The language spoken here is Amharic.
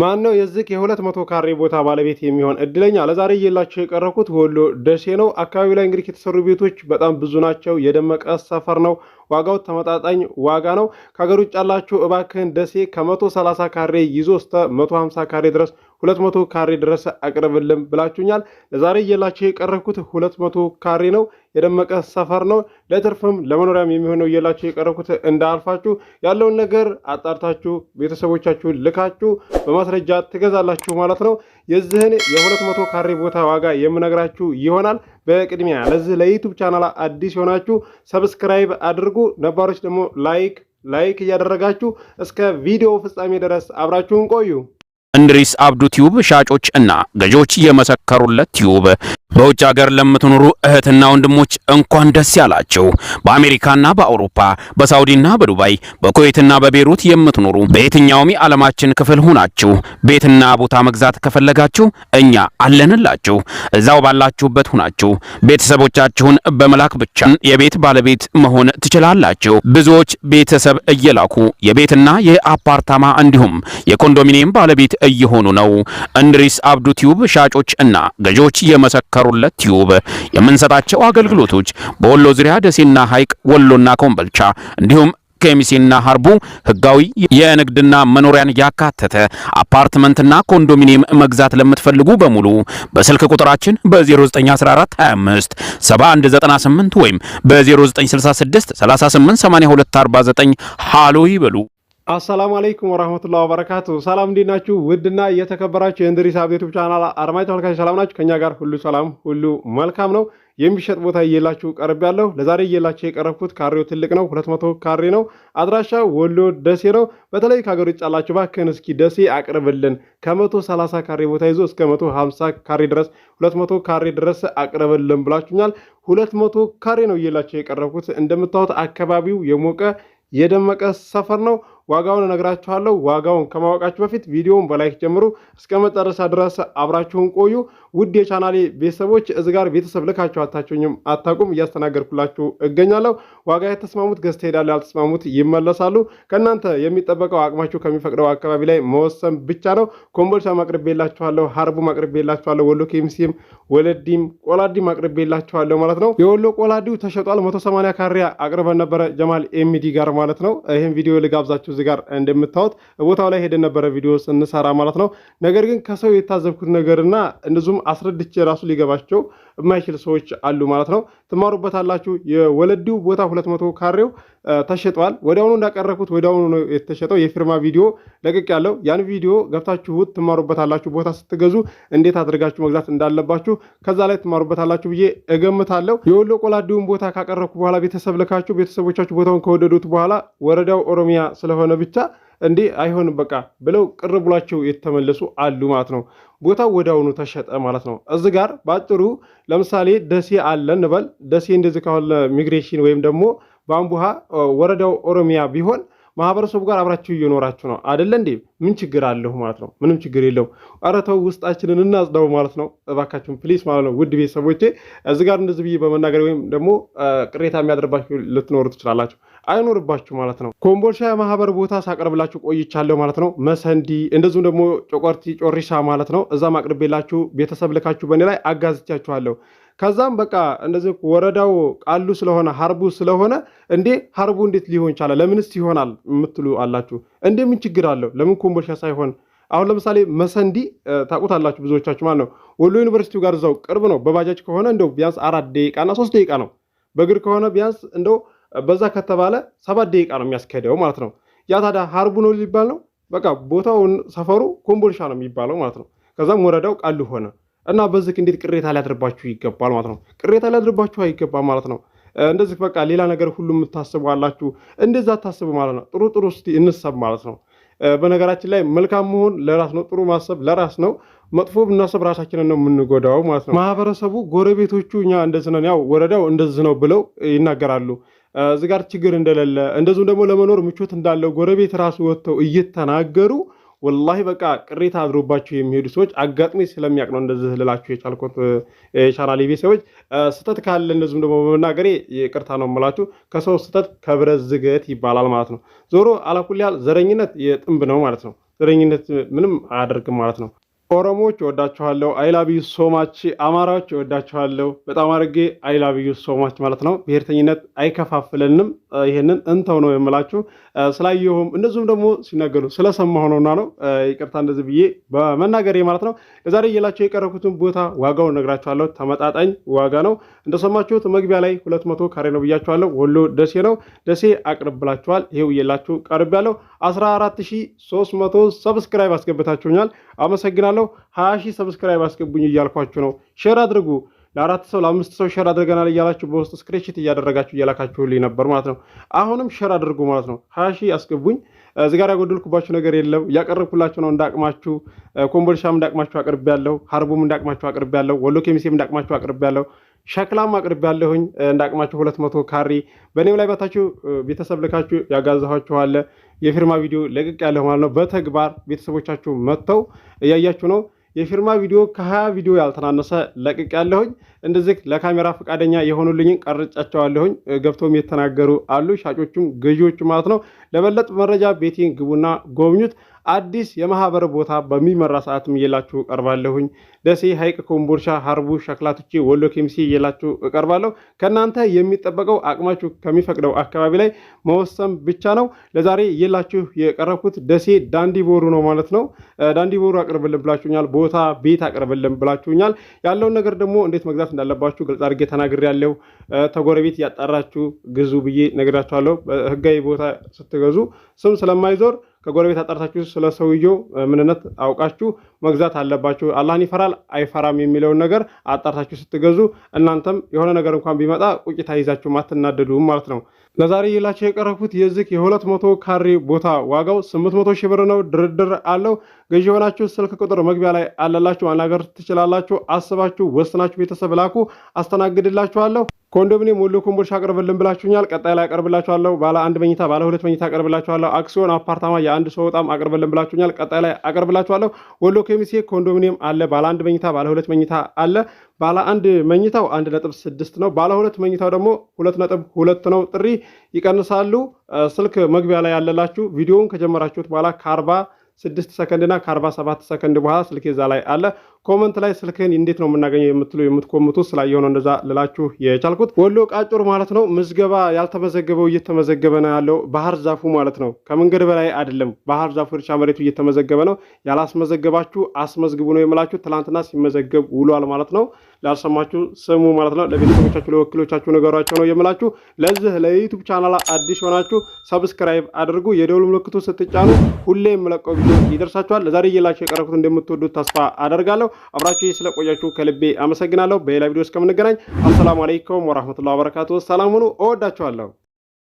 ማን ነው የዚህ የሁለት መቶ ካሬ ቦታ ባለቤት የሚሆን እድለኛ? ለዛሬ እየላቸው የቀረብኩት ወሎ ደሴ ነው። አካባቢ ላይ እንግዲህ የተሰሩ ቤቶች በጣም ብዙ ናቸው። የደመቀ ሰፈር ነው። ዋጋው ተመጣጣኝ ዋጋ ነው። ከሀገር ውጭ ያላችሁ እባክህን ደሴ ከ130 ካሬ ይዞ እስከ 150 ካሬ ድረስ 200 ካሬ ድረስ አቅርብልም ብላችሁኛል። ለዛሬ እየላችሁ የቀረብኩት 200 ካሬ ነው። የደመቀ ሰፈር ነው። ለትርፍም ለመኖሪያም የሚሆነው እየላችሁ የቀረብኩት እንዳልፋችሁ ያለውን ነገር አጣርታችሁ ቤተሰቦቻችሁ ልካችሁ በማስረጃ ትገዛላችሁ ማለት ነው። የዚህን የሁለት መቶ ካሬ ቦታ ዋጋ የምነግራችሁ ይሆናል። በቅድሚያ ለዚህ ለዩቱብ ቻናል አዲስ የሆናችሁ ሰብስክራይብ አድርጉ፣ ነባሮች ደግሞ ላይክ ላይክ እያደረጋችሁ እስከ ቪዲዮ ፍጻሜ ድረስ አብራችሁን ቆዩ። እንድሪስ አብዱ ቲዩብ ሻጮች እና ገዢዎች የመሰከሩለት ቲዩብ በውጭ ሀገር ለምትኖሩ እህትና ወንድሞች እንኳን ደስ ያላችሁ። በአሜሪካና በአውሮፓ በሳውዲና በዱባይ በኩዌትና በቤሩት የምትኖሩ በየትኛውም የዓለማችን ክፍል ሁናችሁ ቤትና ቦታ መግዛት ከፈለጋችሁ እኛ አለንላችሁ። እዛው ባላችሁበት ሁናችሁ ቤተሰቦቻችሁን በመላክ ብቻ የቤት ባለቤት መሆን ትችላላችሁ። ብዙዎች ቤተሰብ እየላኩ የቤትና የአፓርታማ እንዲሁም የኮንዶሚኒየም ባለቤት እየሆኑ ነው። እንድሪስ አብዱ ቲዩብ ሻጮች እና ገዢዎች የመሰከሩለት ቲዩብ የምንሰጣቸው አገልግሎቶች በወሎ ዙሪያ ደሴና ሐይቅ፣ ወሎና ኮምበልቻ እንዲሁም ከሚሴና ሀርቡ ህጋዊ የንግድና መኖሪያን ያካተተ አፓርትመንትና ኮንዶሚኒየም መግዛት ለምትፈልጉ በሙሉ በስልክ ቁጥራችን በ091425 ወይም በ0966 ሃሎ ይበሉ። አሰላሙ አለይኩም ወራህመቱላሂ ወበረካቱ። ሰላም እንዴት ናችሁ? ውድና የተከበራችሁ የእንድሪስ አብ ዩቲዩብ ቻናል አድማጭ ተመልካቾች ሰላም ናችሁ? ከኛ ጋር ሁሉ ሰላም ሁሉ መልካም ነው። የሚሸጥ ቦታ እየላችሁ ቀርብ ያለው ለዛሬ እየላችሁ የቀረብኩት ካሬው ትልቅ ነው፣ 200 ካሬ ነው። አድራሻ ወሎ ደሴ ነው። በተለይ ከሀገር ውጭ ያላችሁ እባክህን እስኪ ደሴ አቅርብልን፣ ከ130 ካሬ ቦታ ይዞ እስከ 150 ካሬ ድረስ 200 ካሬ ድረስ አቅርብልን ብላችሁኛል። 200 ካሬ ነው እየላችሁ የቀረብኩት። እንደምታዩት አካባቢው የሞቀ የደመቀ ሰፈር ነው። ዋጋውን እነግራችኋለሁ። ዋጋውን ከማወቃችሁ በፊት ቪዲዮውን በላይክ ጀምሩ። እስከ መጨረሻ ድረስ አብራችሁን ቆዩ። ውድ የቻናሌ ቤተሰቦች እዚህ ጋር ቤተሰብ ልካችሁ አታችሁኝም አታቁም እያስተናገድኩላችሁ እገኛለሁ። ዋጋ የተስማሙት ገዝተ ሄዳሉ፣ ያልተስማሙት ይመለሳሉ። ከእናንተ የሚጠበቀው አቅማችሁ ከሚፈቅደው አካባቢ ላይ መወሰን ብቻ ነው። ኮምቦልቻም አቅርቤላችኋለሁ፣ ሀርቡም አቅርቤላችኋለሁ፣ ወሎ ኬሚሴም፣ ወለዲም ቆላዲም አቅርቤላችኋለሁ ማለት ነው። የወሎ ቆላዲው ተሸጧል። 180 ካሪያ አቅርበን ነበረ ጀማል ኤሚዲ ጋር ማለት ነው። ይህም ቪዲዮ ልጋብዛችሁ እዚህ ጋር እንደምታዩት ቦታው ላይ ሄደን ነበረ ቪዲዮ እንሰራ ማለት ነው። ነገር ግን ከሰው የታዘብኩት ነገርና እንደዚሁም አስረድቼ ራሱ ሊገባቸው የማይችል ሰዎች አሉ ማለት ነው። ትማሩበታላችሁ። የወለዲው ቦታ ሁለት መቶ ካሬው ተሸጧል። ወዲያውኑ እንዳቀረብኩት ወዲያውኑ ነው የተሸጠው። የፊርማ ቪዲዮ ለቅቅ ያለው ያን ቪዲዮ ገብታችሁት ትማሩበታላችሁ። ቦታ ስትገዙ እንዴት አድርጋችሁ መግዛት እንዳለባችሁ ከዛ ላይ ትማሩበታላችሁ ብዬ እገምታለሁ። የወሎ ቆላዲውን ቦታ ካቀረብኩ በኋላ ቤተሰብ ልካችሁ ቤተሰቦቻችሁ ቦታውን ከወደዱት በኋላ ወረዳው ኦሮሚያ ስለሆነ ስለሆነ ብቻ እንዴ አይሆንም በቃ ብለው ቅር ብሏቸው የተመለሱ አሉ ማለት ነው። ቦታው ወዲያውኑ ተሸጠ ማለት ነው። እዚህ ጋር በአጭሩ ለምሳሌ ደሴ አለ እንበል። ደሴ እንደዚህ ከሆነ ሚግሬሽን ወይም ደግሞ በአምቡሃ ወረዳው ኦሮሚያ ቢሆን ማህበረሰቡ ጋር አብራችሁ እየኖራችሁ ነው አደለ እንዴ? ምን ችግር አለሁ ማለት ነው። ምንም ችግር የለው። ኧረ ተው ውስጣችንን እናጽዳው ማለት ነው። እባካችሁን ፕሊስ ማለት ነው። ውድ ቤተሰቦቼ እዚህ ጋር እንደዚህ ብዬ በመናገር ወይም ደግሞ ቅሬታ የሚያደርባችሁ ልትኖሩ ትችላላችሁ። አይኖርባችሁ ማለት ነው። ኮምቦልሻ የማህበር ቦታ ሳቀርብላችሁ ቆይቻለሁ ማለት ነው። መሰንዲ እንደዚሁም ደግሞ ጮቆርቲ ጮሪሻ ማለት ነው። እዛም አቅርቤላችሁ ቤተሰብ ልካችሁ በእኔ ላይ አጋዝቻችኋለሁ። ከዛም በቃ እንደዚህ ወረዳው ቃሉ ስለሆነ ሀርቡ ስለሆነ እንዴ ሀርቡ እንዴት ሊሆን ይቻላል? ለምንስ ይሆናል የምትሉ አላችሁ። እንዴ ምን ችግር አለው? ለምን ኮምቦልቻ ሳይሆን አሁን ለምሳሌ መሰንዲ አላችሁ ብዙዎቻችሁ ማለት ነው። ወሎ ዩኒቨርሲቲው ጋር እዛው ቅርብ ነው። በባጃጅ ከሆነ እንደው ቢያንስ አራት ደቂቃና ሶስት ደቂቃ ነው። በእግር ከሆነ ቢያንስ እንደው በዛ ከተባለ ሰባት ደቂቃ ነው የሚያስኬደው ማለት ነው። ያ ታዲያ ሀርቡ ነው ሊባል ነው። በቃ ቦታውን ሰፈሩ ኮምቦልቻ ነው የሚባለው ማለት ነው። ከዛም ወረዳው ቃሉ ሆነ። እና በዚህ እንዴት ቅሬታ ሊያድርባችሁ ይገባል ማለት ነው። ቅሬታ ሊያድርባችሁ አይገባም ማለት ነው። እንደዚህ በቃ ሌላ ነገር ሁሉ የምታስቡ አላችሁ። እንደዛ ታስቡ ማለት ነው። ጥሩ ጥሩ እስቲ እንሰብ ማለት ነው። በነገራችን ላይ መልካም መሆን ለራስ ነው። ጥሩ ማሰብ ለራስ ነው። መጥፎ ብናሰብ ራሳችንን ነው የምንጎዳው ማለት ነው። ማህበረሰቡ፣ ጎረቤቶቹ እኛ እንደዚህ ነን፣ ያው ወረዳው እንደዚህ ነው ብለው ይናገራሉ። እዚህ ጋር ችግር እንደሌለ እንደዚሁም ደግሞ ለመኖር ምቾት እንዳለው ጎረቤት ራሱ ወጥተው እየተናገሩ ወላሂ በቃ ቅሬታ አድሮባቸው የሚሄዱ ሰዎች አጋጥሚ ስለሚያውቅ ነው እንደዚህ ልላችሁ የቻልኩት። የቻናል ቤ ሰዎች ስህተት ካለ እንደዚሁም ደግሞ በመናገሬ ይቅርታ ነው የምላችሁ። ከሰው ስህተት ከብረት ዝገት ይባላል ማለት ነው። ዞሮ አላኩል ዘረኝነት የጥንብ ነው ማለት ነው። ዘረኝነት ምንም አያደርግም ማለት ነው። ኦሮሞዎች እወዳችኋለሁ፣ አይላቢዩ ሶማች። አማራዎች እወዳችኋለሁ በጣም አድርጌ አይላቢዩ ሶማች ማለት ነው። ብሔርተኝነት አይከፋፍለንም። ይህንን እንተው ነው የምላችሁ። ስላየሁም እንደዚሁም ደግሞ ሲነገሩ ስለሰማሁ ነውና ነው ይቅርታ እንደዚህ ብዬ በመናገሬ ማለት ነው። የዛሬ እየላቸው የቀረብኩትን ቦታ ዋጋው ነግራችኋለሁ። ተመጣጣኝ ዋጋ ነው። እንደሰማችሁት መግቢያ ላይ ሁለት መቶ ካሬ ነው ብያችኋለሁ። ወሎ ደሴ ነው። ደሴ አቅርብላችኋል። ይሄው እየላችሁ ቀርብ ያለው አስራ አራት መቶ ሰብስክራይብ አስገብታችሁኛል። አመሰግናለሁ። አመሰግናለሁ። ሀያ ሺህ ሰብስክራይብ አስገቡኝ እያልኳችሁ ነው። ሼር አድርጉ። ለአራት ሰው ለአምስት ሰው ሸር አድርገናል እያላችሁ በውስጥ ስክሬንሺት እያደረጋችሁ እያላካችሁልኝ ነበር ማለት ነው። አሁንም ሸር አድርጉ ማለት ነው። ሀያ ሺህ አስገቡኝ። እዚህ ጋር ያጎደልኩባችሁ ነገር የለም። ያቀረብኩላችሁ ነው እንዳቅማችሁ። ኮምቦልሻም እንዳቅማችሁ አቅርቤያለሁ። ሀርቡም እንዳቅማችሁ አቅርቤያለሁ። ወሎ ኬሚሴም እንዳቅማችሁ አቅርቤያለሁ። ሸክላም አቅርብ ያለሁኝ እንደ አቅማችሁ ሁለት መቶ ካሪ በእኔም ላይ በታችሁ ቤተሰብ ልካችሁ ያጋዛኋችኋለ የፊርማ ቪዲዮ ለቅቅ ያለ ማለት ነው። በተግባር ቤተሰቦቻችሁ መጥተው እያያችሁ ነው። የፊርማ ቪዲዮ ከሀያ ቪዲዮ ያልተናነሰ ለቅቅ ያለሁኝ። እንደዚህ ለካሜራ ፈቃደኛ የሆኑልኝን ቀርጫቸዋለሁኝ። ገብተውም የተናገሩ አሉ፣ ሻጮቹም ገዢዎቹ ማለት ነው። ለበለጠ መረጃ ቤቴን ግቡና ጎብኙት። አዲስ የማህበር ቦታ በሚመራ ሰዓትም እየላችሁ እቀርባለሁኝ። ደሴ፣ ሀይቅ ኮምቦልሻ፣ ሀርቡ፣ ሸክላትቼ፣ ወሎ ኬሚሴ እየላችሁ እቀርባለሁ። ከእናንተ የሚጠበቀው አቅማችሁ ከሚፈቅደው አካባቢ ላይ መወሰን ብቻ ነው። ለዛሬ እየላችሁ የቀረብኩት ደሴ ቦሩ ነው ማለት ነው። ቦሩ አቅርብልን ብላችሁኛል። ቦታ ቤት አቅርብልን ብላችሁኛል። ያለውን ነገር ደግሞ እንዴት መግዛት እንዳለባችሁ ግልጽ አድርጌ ያለው ተጎረቤት ያጣራችሁ ግዙ ብዬ ነግራችኋለሁ። ህጋዊ ቦታ ስትገዙ ስም ስለማይዞር ከጎረቤት አጣርታችሁ ስለ ሰውየው ምንነት አውቃችሁ መግዛት አለባችሁ። አላህን ይፈራል አይፈራም የሚለውን ነገር አጣርታችሁ ስትገዙ እናንተም የሆነ ነገር እንኳን ቢመጣ ቁጭታ ይዛችሁም አትናደዱም ማለት ነው። ለዛሬ ይላችሁ የቀረብኩት የዚህ የሁለት መቶ ካሬ ቦታ ዋጋው ስምንት መቶ ሺህ ብር ነው። ድርድር አለው። ገዢ የሆናችሁ ስልክ ቁጥር መግቢያ ላይ አለላችሁ፣ ማናገር ትችላላችሁ። አስባችሁ ወስናችሁ ቤተሰብ ላኩ፣ አስተናግድላችኋለሁ። ኮንዶሚኒየም ወሎ ኮምቦልቻ አቅርብልን ብላችሁኛል። ቀጣይ ላይ አቅርብላችኋለሁ። ባለ አንድ መኝታ፣ ባለ ሁለት መኝታ አቅርብላችኋለሁ። አክሲዮን አፓርታማ የአንድ ሰው በጣም አቅርብልን ብላችሁኛል። ቀጣይ ላይ አቅርብላችኋለሁ። ወሎ ኬሚሴ ኮንዶሚኒየም አለ። ባለ አንድ መኝታ፣ ባለ ሁለት መኝታ አለ። ባለ አንድ መኝታው አንድ ነጥብ ስድስት ነው። ባለ ሁለት መኝታው ደግሞ ሁለት ነጥብ ሁለት ነው። ጥሪ ይቀንሳሉ። ስልክ መግቢያ ላይ ያለላችሁ ቪዲዮውን ከጀመራችሁት በኋላ ከአርባ ስድስት ሰከንድና ከአርባ ሰባት ሰከንድ በኋላ ስልክ ዛ ላይ አለ ኮመንት ላይ ስልክህን እንዴት ነው የምናገኘው የምትሉ የምትቆምቱ ስላየው ነው እንደዛ ልላችሁ የቻልኩት። ወሎ ቃጭር ማለት ነው ምዝገባ ያልተመዘገበው እየተመዘገበ ነው ያለው። ባህር ዛፉ ማለት ነው ከመንገድ በላይ አይደለም። ባህር ዛፉ እርሻ መሬቱ እየተመዘገበ ነው። ያላስመዘገባችሁ አስመዝግቡ ነው የምላችሁ። ትላንትና ሲመዘገብ ውሏል ማለት ነው። ላልሰማችሁ ስሙ ማለት ነው። ለቤተሰቦቻችሁ ለወኪሎቻችሁ ነገሯቸው ነው የምላችሁ። ለዚህ ለዩቱብ ቻናል አዲስ ሆናችሁ ሰብስክራይብ አድርጉ። የደውል ምልክቱ ስትጫኑ ሁሌ የምለቀው ቪዲዮ ይደርሳችኋል። ለዛሬ እየላቸው የቀረብኩት እንደምትወዱት ተስፋ አደርጋለሁ። አብራችሁ ስለቆያችሁ ከልቤ አመሰግናለሁ። በሌላ ቪዲዮ እስከምንገናኝ አሰላሙ አለይኩም ወራህመቱላሂ ወበረካቱ። ሰላም ሁኑ። እወዳችኋለሁ።